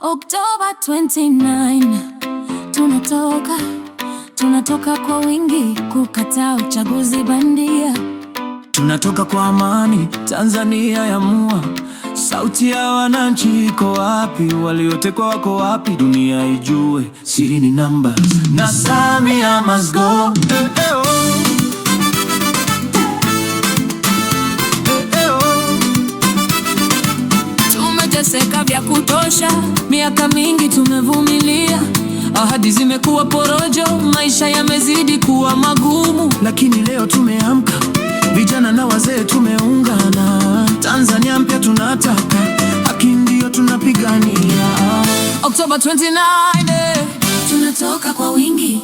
Oktoba 29 tunatoka, tunatoka kwa wingi kukataa uchaguzi bandia, tunatoka kwa amani. Tanzania yamua, sauti ya wananchi iko wapi? Waliotekwa wako wapi? Dunia ijue, siri ni namba na Samia must go. tumeteseka vya kutosha, miaka mingi tumevumilia, ahadi zimekuwa porojo, maisha yamezidi kuwa magumu, lakini leo tumeamka, vijana na wazee tumeungana, Tanzania mpya tunataka, haki ndiyo tunapigania. Oktoba 29 eh. tunatoka kwa wingi,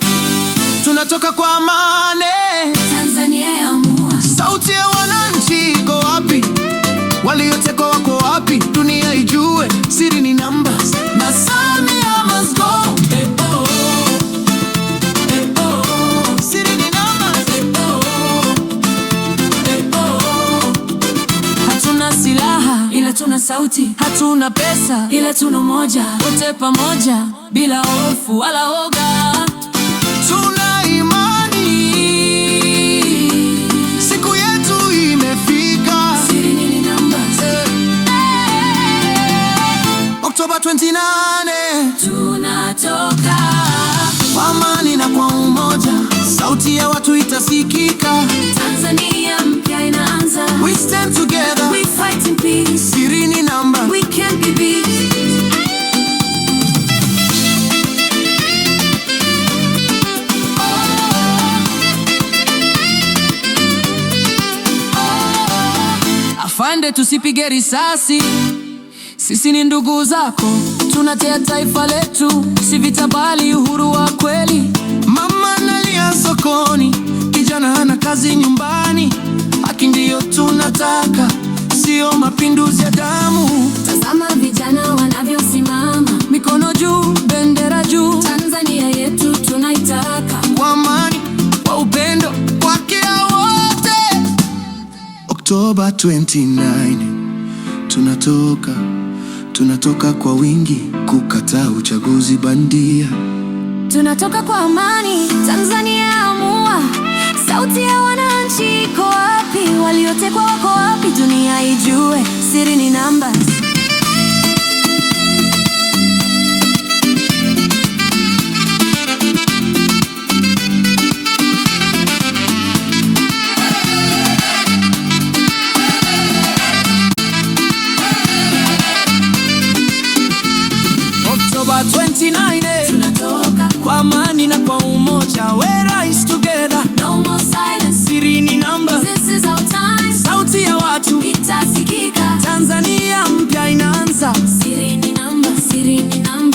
tunatoka kwa amani. hatuna sauti, hatuna pesa, ila tuna umoja, wote pamoja, bila hofu wala woga. Tuna imani siku yetu imefika. Siri ni eh. Oktoba 29 tunatoka kwa amani na kwa umoja, sauti ya watu itasikika. Tanzania mpya inaanza. We stand together. We fight in peace. twende tusipige risasi. Sisi ni ndugu zako, tunatea taifa letu, si vita bali uhuru wa kweli. Mama analia sokoni, kijana ana kazi nyumbani. Haki ndiyo tunataka, sio mapinduzi ya damu. Tazama vijana wanavyosimama, mikono juu, bendera Oktoba 29 tunatoka, tunatoka kwa wingi kukataa uchaguzi bandia. Tunatoka kwa amani, Tanzania amua. Sauti ya wananchi iko wapi? Waliotekwa wako wapi? Dunia ijue, siri ni numbers. Eh. kwa amani na kwa umoja, we rise together, no more silence. Siri ni namba, this is our time. Sauti ya watu itasikika, Tanzania mpya inaanza. Siri ni namba, siri ni namba